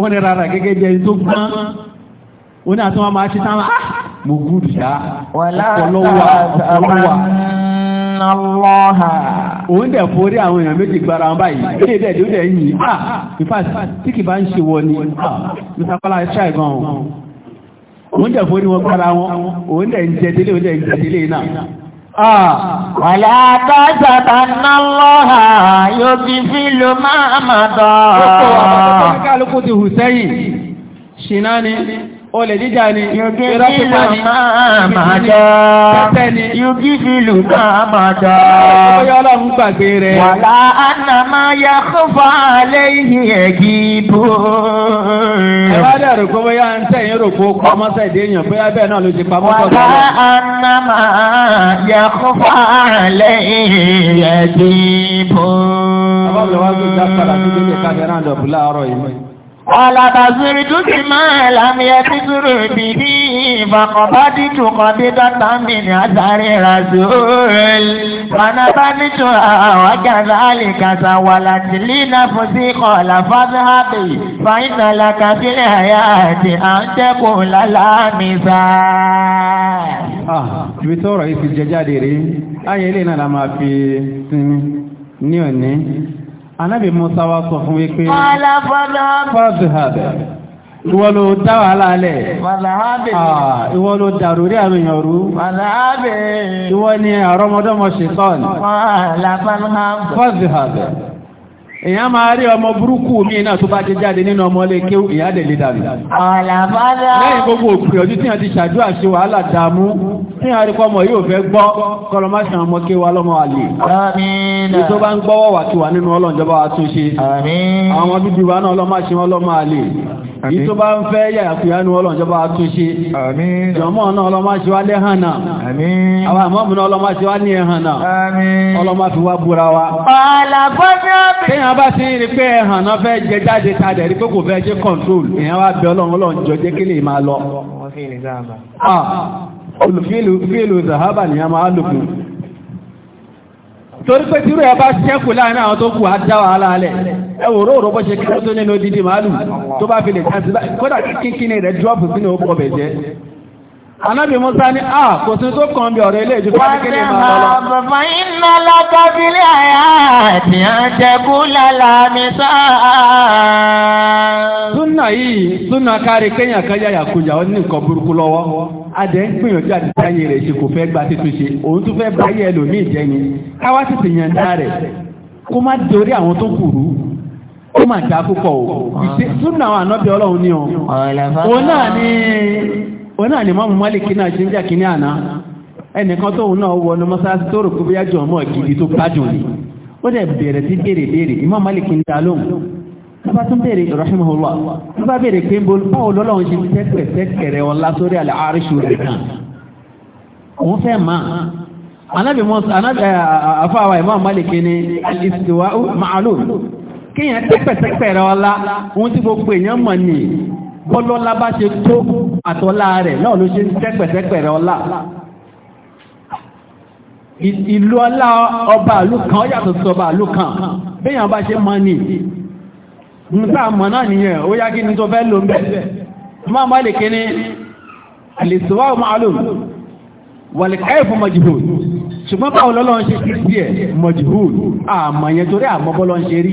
wọ́n ní rárá gẹ́gẹ́ bí ẹni tó gbọ́n ó ní àtúnwà máa ṣe táwọn ah, mo gúrù dá ọlọ́wà ọlọ́wà òun dẹ̀ forí àwọn èèyàn méjì gbára wọn báyìí ilé ìdẹ̀ ló dẹ̀ yìí à nípa tí kì bá ń ṣe wọ ni ah, mùsàkọ́lá ṣáì gan òun dẹ̀ forí wọn gbára wọn Wàlá àtàjà tàná lọ́ha yóò fi fi ló máa mọ̀ tọ́. Ó kò wà pàtàkì kálukú ti hù sẹ́yìn, ṣìnà olè jíjà ni irọ́ pípa ni tẹ́tẹ́ ni yugi filu máa máa dá. ọyọ ọlọ́run gbàgbé rẹ̀. wàlá ànàmá ya kófà lẹ́yìn ẹ̀gì bò. ẹ bá dẹ̀ rò pé bóyá ń tẹ̀yìn rò pé náà ló ti pamọ́ sọ̀tọ̀. Àlàbàzúrí dúkì máa lámìyẹ tí dúró bí ní ìbàkọ̀bá dìtù kan bí dọ́ta mìíní àtàrí ìràzó rẹ̀. Fànàbá nítò àwọn kàzá lè kàzá wà láti lína fún sí kọ̀ọ̀là fásí hábì. Fàyínà làkà sílẹ̀ àyà àti à ń tẹ́kù lálàmìsà. Ibi tó rọ̀ yìí ti jẹ jáde rí, ayé ilé náà la máa fi sinmi ní òní. Anábì Musa wá sọ fún wípé fọ́dùhàbẹ̀. Ìwọ ló dá wàhálà lẹ̀. Ah, ìwọ ló dàrú rí àwọn èèyàn rú. Ìwọ ni àrọ́mọdọ́mọ ṣetán. Fọ́dùhàbẹ̀. èyàn máa rí ọmọ burúkú mi náà tó bá jẹ jáde nínú ọmọ ilé kí ìyá lè dàbí. ọ̀làbádá lẹ́yìn gbogbo òpin ọdún tí wọ́n ti ṣàdúrà ṣe wàhálà tí wọ́n rí yóò fẹ́ gbọ́ kọlọmáṣàn ọmọ kí wa lọ́mọ àlè. tó bá ń wà nínú ọlọ́njọba wa tún ṣe. àwọn wa náà àlè yìí tó bá ń fẹ́ ọlọ́njọba àtúnṣe jọmọ́ náà téèyàn bá ti rí pé ẹ̀hàn náà fẹ́ jẹ jáde tadẹ̀ rí pé kò fẹ́ jẹ́ control èèyàn wá bẹ ọlọ́run ọlọ́run jọ jẹ́ kí lè máa lọ. olùfíìlù zahaba ni a máa lò torí pé tírú ẹ bá ṣẹ́kù láàrin àwọn tó kù á dá wàhálà alẹ̀ ẹ wò róòrò ṣe kí ló tó nínú odidi màálù tó bá fi lè jáde kódà kíkíni rẹ̀ dúrọ́ọ̀pù sínú ó bẹ̀jẹ́. Anábì Musa ní à kò sí tó kàn bí ọ̀rọ̀ ilé ìjọba kékeré máa lọ. Wọ́n ti bàbá iná lábábílẹ̀ àyà àti àjẹkù lálá mi sáà. Súnà yìí, súnà kárí kéèyàn kan yáyà kújà ó ní nǹkan burúkú lọ́wọ́. Adé ń gbìyànjú àti táyé rẹ̀ ṣe kò fẹ́ gba títún ṣe. Òun tún fẹ́ báyé ẹlòmíì jẹ́ ni. Káwá sì ti yàn dá rẹ̀. Kó má dorí àwọn tó kùrú ó mà dá púpọ̀ o. Súnà àwọn ànábì Ọlọ́run ní o òun náà ni mọ́mù mọ́lìkì náà ṣe ń jà kìíní àná ẹnìkan tóun náà wọnú mọ́sáàsì tó rò kó bóyá jọ mọ́ gidi tó gbádùn ni ó dẹ̀ bẹ̀rẹ̀ sí béèrè béèrè ìmọ̀ mọ́lìkì ń dá lóhùn bá tún béèrè rahimahullah ló bá béèrè pé báwo lọ́lọ́run ṣe tẹ́pẹ̀ tẹ́kẹ̀rẹ̀ ọlá sórí àlẹ́ àríṣù rẹ̀ kan òun fẹ́ máa anábì afáwà ìmọ̀ mọ́lìkì ni al-istiwa'u tí gbogbo èèyàn mọ̀ nìyí bọ́lọ́lá bá ṣe tó àtọ́lá rẹ̀ náà ló ṣe ń tẹ́pẹ̀tẹ́pẹ̀rẹ̀ ọlá ìlú ọlá ọba àlú kan ó yàtọ̀ sí ọba àlú kan béèyàn bá ṣe mọ́ ní nígbà mọ̀ náà nìyẹn ó yá kí ní tó fẹ́ lò ń bẹ̀ máa mọ́ lè kí ní ṣùgbọ́n báwo lọ́lọ́ ń ṣe kí sí ẹ̀ mọ̀jìhùn àmọ̀yẹn torí àmọ́bọ́lọ́ ń ṣe rí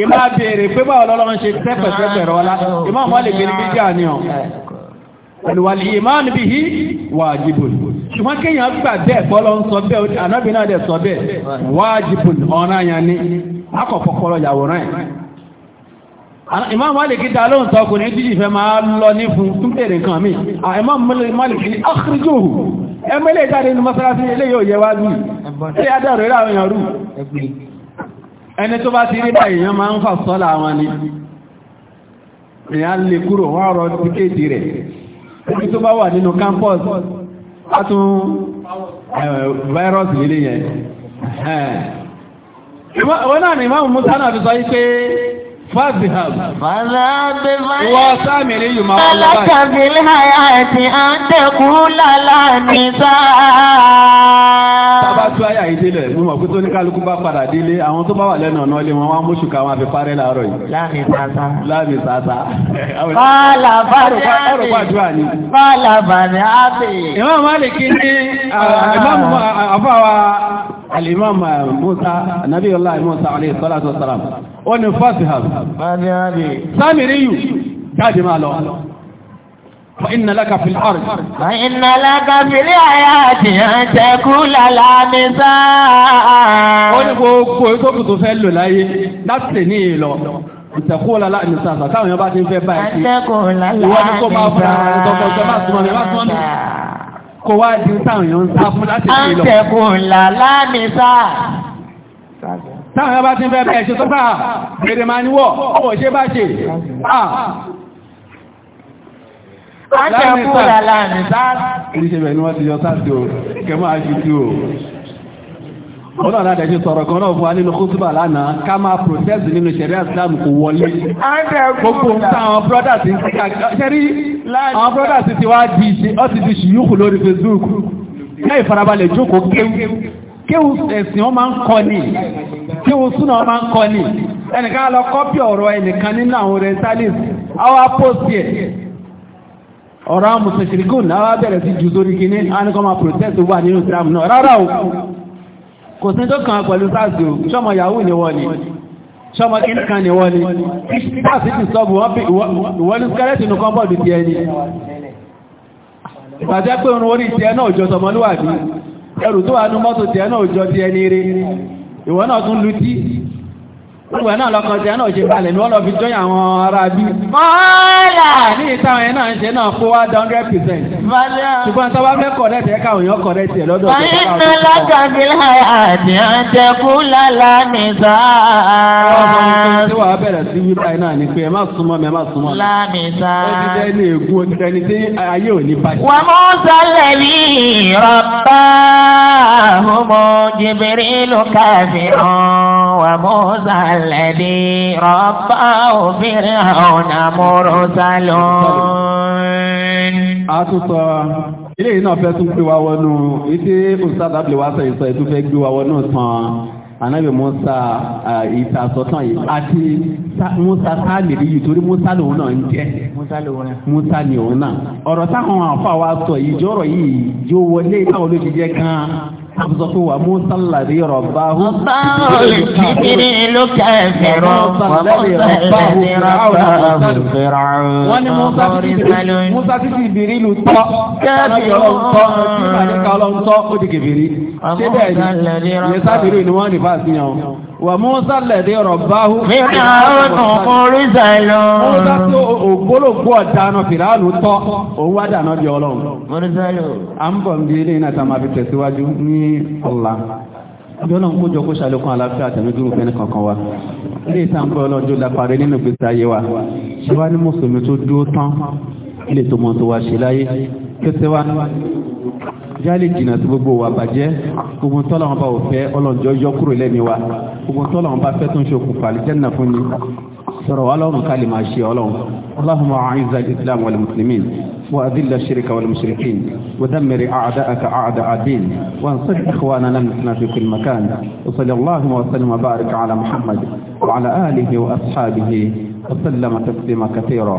ìmá béèrè pé báwọn lọ́lọ́run ṣe tẹ́pẹ̀tẹ́pẹ̀ rọ́lá ìmá ọmọ lè gbé ní bí jà ní ọ̀ pẹ̀lúwàlì ìmáàni bí i wàjìbùn ṣùgbọ́n kíyàn gbà bẹ́ẹ̀ bọ́lọ́ ń sọ bẹ́ẹ̀ ànábì náà dẹ̀ sọ bẹ́ẹ̀ wàjìbùn mi ìmáàmù Málìkì akhrijuhu ẹmẹ́lẹ́ ìjáde ní mọ́sálásí ilé yóò yẹ wá lù ẹ̀ ẹni tó bá ti rí bá èèyàn máa ń fà sọ́lá wọn ni èèyàn lè kúrò wọ́n rọ tíkéètì rẹ̀ ẹni tó bá wà nínú campus látún fáírọ́ọ̀sì nílé yẹn wọ́n náà ni ìmáàmù Musa náà fi sọ yí pé فاذهب وسامري ما لك في الحياة أن تقول لا نساء káyà yìí délẹ̀ mo mọ̀ pé tó ní kálukú bá padà délé àwọn tó bá wà lẹ́nu ọ̀nà ilé wọn wá mú ṣùkà wọn àfi parẹ́ yìí. láàmì sàṣà. láàmì sàṣà. fàlà bàdé àbè. ẹ̀rọ pàdúrà fàlà bàdé àbè. ìmọ̀ málìkì ní ìmọ̀ àfọwà musa nabi allah musa alayhi salatu wa salam ó ní fásihàn. bàdé àbè. sámìrì yù jáde máa lọ. وإن لك في الأرض وإن لك في الحياة أن تقول لا مثال ó ní gbogbo ìtókù tó fẹ́ lò láyé láti ní ìlọ ìtẹ̀kùn ọ̀la ní sàṣà táwọn èèyàn bá ti ń fẹ́ báyìí ìwọ́n ní kó máa fún ara ìtọ́kọ̀ ìjọba máa súnmọ́ mi wá sọ́ọ́ mi kó wá di táwọn èèyàn ń sá fún láti ní ìlọ. àǹtẹ̀kùn làlá mi táwọn èèyàn ti ń fẹ́ báyìí ṣe tó gbèrè máa ń wọ̀ ọ̀ ṣe bá ṣe láàrin sáà láàrin sáà. kìí ṣe bẹ́ẹ̀ ni wọ́n ti yọ sáà tó kẹ́ máa fi tú o. Wọ́n náà dájú sọ̀rọ̀ kan náà fún wa nínú kútùbà lánàá ká máa protest nínú ṣẹ̀rí àsìlámù kò wọlé. Gbogbo ń ta àwọn brọ́dà ti ti ká ṣẹ́rí àwọn brọ́dà ti ti wá di ṣe ọ́ ti di ṣìyúkù lórí Facebook. Ká ìfarabalẹ̀ jókòó kéwú. Kéwú ẹ̀sìn wọn máa ni. Kéwú súnà wọn máa ni. Ẹnìkan lọ kọ́pì ọ̀rọ̀ ẹnìkan nínú àwọn orientalist ọ̀rọ̀ àwọn mùsùlùmí náà bẹ̀rẹ̀ sí jù sórí kíní anìkọ́mà protest wà nínú islam náà rárá o kò sí tó kàn pẹ̀lú sáàsì o ṣọ́mọ yahoo ni wọ́n ni ṣọ́mọ kíníkan ni wọ́n ni sáàsì ti sọ́bù wọ́n ní skẹ́lẹ́tì Gbogbo náà lọ́kàn tí a náà ṣe balẹ̀ wọ́n lọ fi jọ́yìn àwọn ará bí. Mọ́ọ́lá! Ní ìtàwọn yẹn ṣe náà fún wá dá hundred Ṣùgbọ́n tó bá fẹ́ kọ̀rẹ́tì ẹ̀ka òyìn kọ̀rẹ́tì ẹ̀ lọ́dọ̀ tó bá wà. Ọmọ tí wàá bẹ̀rẹ̀ الذي رفعه فرعون مرسل ilé iná fẹ́ tún gbé wa wọnú ìdí òṣìṣàdá lè wá sọ ìsọ ìtún fẹ́ gbé wa wọnú tán anábì musa ìtàsọ́tàn yìí àti musa sáàlì yìí torí musa lòun náà ń jẹ́ musa ni òun náà ọ̀rọ̀ táwọn àfa wa sọ yìí jọ́rọ̀ yìí jó wọlé táwọn olójijẹ́ kan Àbùsọ̀ pé wà mú sálàrí rọ̀bá hù. Ọba olùkíkiri ló kẹfẹ́ rọ̀. Sálàrí rọ̀bá hù fẹ́ràn hù. Wọ́n ní Musa títí ìbírí ìlú tọ́. Kẹ́ẹ̀bì ọlọ́ntọ́ ìbàdíkà ọlọ́ntọ́ ó di kèbèrè. Ṣé bẹ́ẹ̀ ni? ni wọ́n ní bá a wà Musa lẹ̀dí ọ̀rọ̀ báhú. nígbà ọ̀nà oríṣà lọ. Musa tí ògbólógbó ọ̀dáná fìràánù tọ́ òun wá dáná di ọlọ́run. oríṣà lọ. à ń bọ̀ níbi ilé iná tá a máa fi tẹ̀síwájú ní ọ̀la. Abiola ń kójọ kó ṣàlékún àlàáfíà àtẹnudúró fẹ́ni kankan wa. Ilé ìta ń bọ̀ ọlọ́jọ́ lápárẹ́ nínú ìgbésí ayé wa. Ṣé wá ní Mùsùlùmí tó dúró tán? Ilé tó mọ tó wá ṣe láyé. Kí jálè jìnnà tó gbogbo wa bàjẹ́ gbogbo tọ́lọ́wọ́n bá òfẹ́ ọlọ́njọ́ yọ kúrò lẹ́mi wa gbogbo tọ́lọ́wọ́n bá fẹ́ tó ń ṣokùnfà àlìjẹ́nà fún ni sọ̀rọ̀ ọlọ́run ká lè máa ṣe ọlọ́run اللهم أعز الإسلام والمسلمين وأذل الشرك والمشركين ودمر أعداءك أعداء الدين وانصر إخواننا المسلمين في كل مكان وصلى الله وسلم وبارك على محمد وعلى آله وأصحابه وسلم تسليما كثيرا